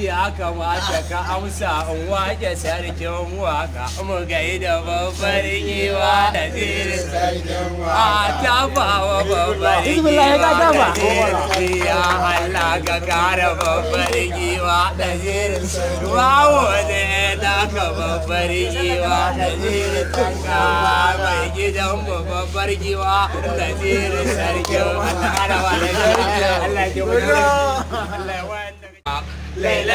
Ya kamata ka amsa in wake sarkin waka mu gai da babbar giwa da zirin sarkin waka. A tafawa babbar giwa ya Allah ka kara babbar giwa da zirin sarkin waka. ne na ka babbar giwa da zirin sarkin waka. Mai gidan mu babbar giwa da zirin sarkin waka. Allah ya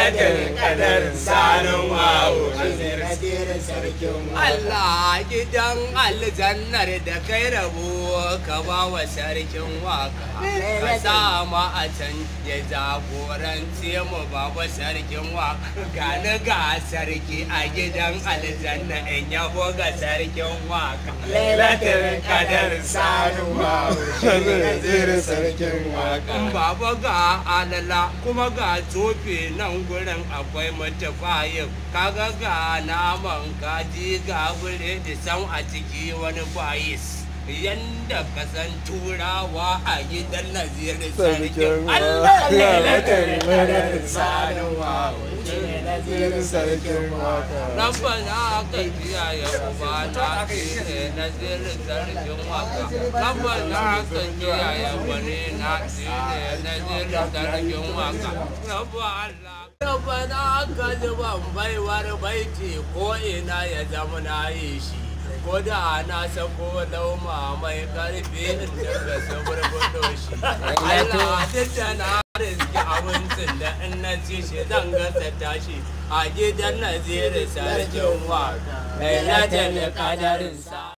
kadarin kadarin sanin wawo kadirin sarkin Allah gidan aljannar da kai rabo ka ba wa sarkin waka ka sa mu a can ya mu ba wa sarkin waka gani ga sarki a gidan aljanna in ga sarkin waka sanin wawo kadirin sarkin waka baba ga alala kuma ga tofe nan gudu gurin akwai matafayin kaga ga naman kaji ga da san a ciki wani bayis yanda ka san turawa a gidan nazirin sarkin allah ne na sanuwa jin sarkin waka rabbana kajiya ya ubana shine nazirin sarkin waka rabbana kajiya ya banina shine nazirin sarkin waka rabbana rabbana kaji ban baiwar baiti ko ina ya zama na yi shi ko da na sako lauma mai karfi da ga sabar budoshi Allah da ki abincin da in na ci shi zan gasa tashi a gidan nazirin sarkin ne lailatul sa.